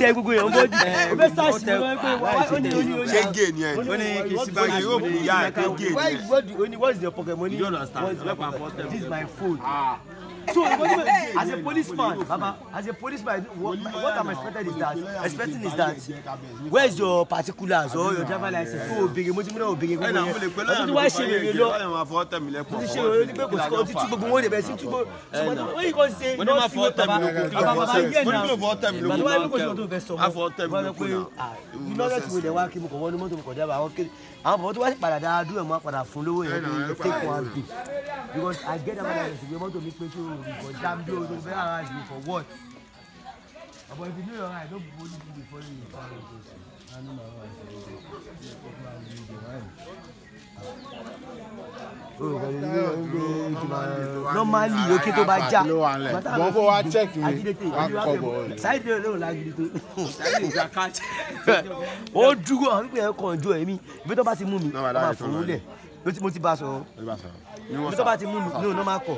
tẹ gbogbo yẹn o bẹ sá sí ọ o ní o ní o ní. o ní kì í sí báyìí yóò mú ya ẹ gé ni ẹ. what is your pocket money. you don't understand this is my food. Ah. So as a policeman, Baba, as a policeman, what, what I'm expecting is that expecting is that where is your particulars or your driver license? So obìnrin mo ti múná obìnrin gbogbo yẹn. Ọtún tí wàá ṣe rere lọ. Mo ti ṣe rere ní pé kò sí kan títí gbogbo wọn dẹ̀ bẹ̀ sí túbọ̀. Wọ́n yìí kan ṣe lọ sí wọn bàbá. Bàbá bàbá yẹn náà. Bàbá wàá ní kò sí ọdún bẹ sọ mọ́. Wọ́n bẹ pé iná lọ́sìn wo lẹ̀ wá kí mo kọ̀ wọ́n ní mọ́tò mo kọ̀ dábàá àwọn kéde. Àwọn bàbá tó wá sí padà dáadúrà mọ́ padà fún lówó yẹn ní take one big because I get that money you for jam do you better ask me for what ah, but if you know your right don't bully me before you find out i know my wife is popular with you right normally oke tó bá já wọn kó wá check mi wá kọ bọ ọ ṣáìdì olóhùn lágídí tó ṣáìdì ìjà káàtì ó dúró àwọn pípẹ́ ẹ̀ kàn jó ẹ̀mí ibi tó bá ti mú mi ó máa fòun mo ti bá a sọ̀rọ̀ ibi tó bá ti mú mi ní òun náà máa kọ̀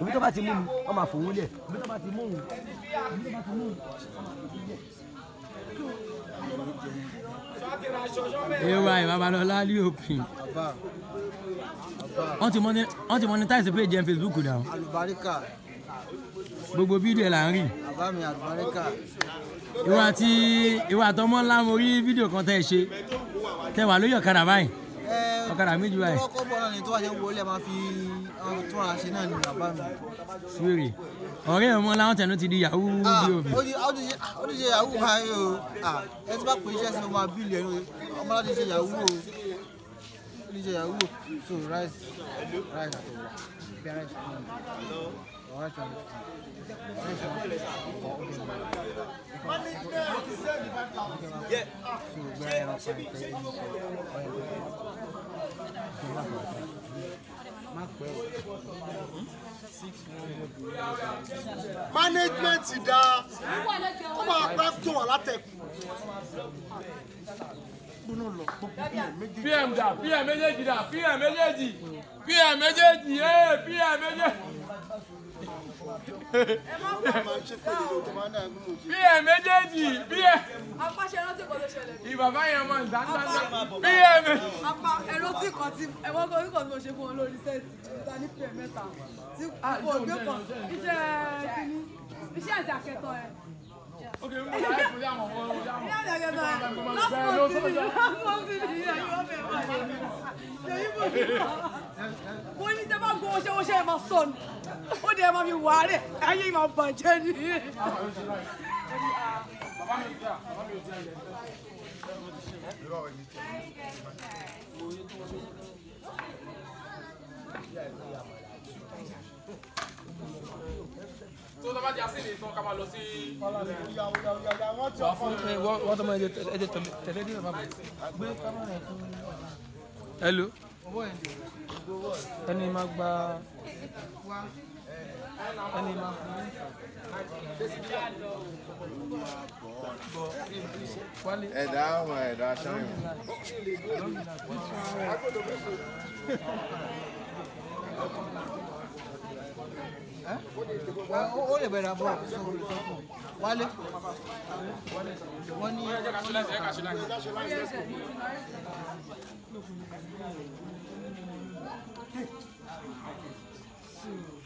ibi tó bá ti mú mi wọ́n máa fòun lẹ̀ ibi tó bá ti mú òun ibi tó bá ti mú òun ewa ìbabalọla ní òpin ti monetize page jẹ́ Facebook dà o gbogbo fídíò ẹ̀ ń rí ìwà àti ìwà àtọmọ́ ńlá mo rí fídíò kan tẹ́ ẹ ṣe tẹ́ wà lóyè ọ̀kadà báyìí ọ̀kadà méjì báyìí. ọkọ̀ bọ̀ náà ni tó wà ṣe ń wọlé máa fi tún ara ṣe náà ní bàbá mi. sùwèrè ọ̀rẹ́ ẹ̀ láwọn tẹ̀nu ti di yahoo ah, bí òbí. ó ti ṣe yahoo báyìí o ah, ẹ ti bá pè iṣẹ́ sí ọmọ abílì ẹni ọmọ láti ṣe yahoo o ó ti ṣe yahoo so rice rice bí rice ọ̀rẹ́ tí wọ́n ti rice wọn kọ́ ọdún mọ́. Yeah management da ó máa pẹ́ tó wà látẹ̀kùn. pm da pm méjèèjì da pm méjèèjì pm méjèèjì ee eh, pm méjèèjì bí ẹ méjèèjì bí ẹ. apá ṣe rántí kan ló ṣẹlẹ̀. ìbàbá yẹn mọ ìdáńdáńdá bí ẹ mẹ. apá ẹ̀rọ tí kan ti ẹ̀wọ́n kan oríkan tí mo ṣe fún wọn lórí sẹ́ẹ̀tì ta ní pẹ̀ mẹ́ta tí ah, kò gbé kan iṣẹ́ kínní iṣẹ́ àti àkẹ́tọ̀ ẹ̀. ok n bọ̀ láyé kúlẹ̀ àwọn ọmọ ọmọ ọmọ iṣẹ́ àti àkẹ́tọ̀ ẹ̀ lọ́sọ̀tì ni lọ́sọ̀tì ni ẹ̀yọ́ bẹ̀ báyìí ṣèyí bò ní bá mo ní tẹ́ bá gbọ́ ọṣẹ́ ọṣẹ́ ẹ̀ máa sọ ni ó dẹ̀ máa fi wà á ayé máa bàjẹ́ ni. hello ẹni máa gba ẹ̀dá àwọn ẹ̀dá ṣáyìn. ó lè bẹ̀rẹ̀ àbúrò àkóso olùsọ́kùn wálé wọ́n ní Thank you.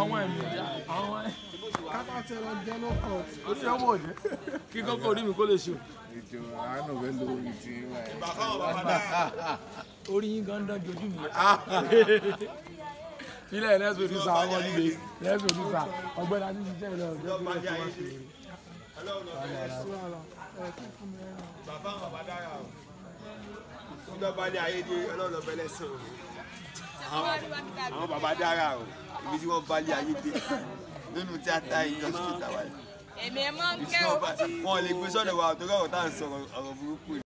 àwọn ẹ̀mí àwọn kápá tí ẹ lọ jẹ́ ló kọ̀ ó ti ọwọ́ òde kí kókó orí mi kó lè ṣe. ètò àánú rẹ ló rí ti wà ẹ. orí yín gan dán jojú mi. nílẹ̀ ah. lẹ́sùn ti sa ọmọ nílé lẹ́sùn ti sa ọgbẹ́ni àti ṣiṣẹ́ ìlọ ọjọ́ tó lè fi wá sí i. bàbá àwọn bàbá dára o ìjọba ní ayé dé ọlọ́run ọbẹ̀ lẹ́sìn àwọn bàbá dára o ibi tí wọ́n balẹ̀ ayé dé nínú tíátà industry tàwa yìí èmi ẹ máa ń kẹ́ o. wọ́n lè gbé sọ́dọ̀ wa àtọ́kọ̀ ọ̀rọ̀ ń sọ ọ̀rọ̀ burúkú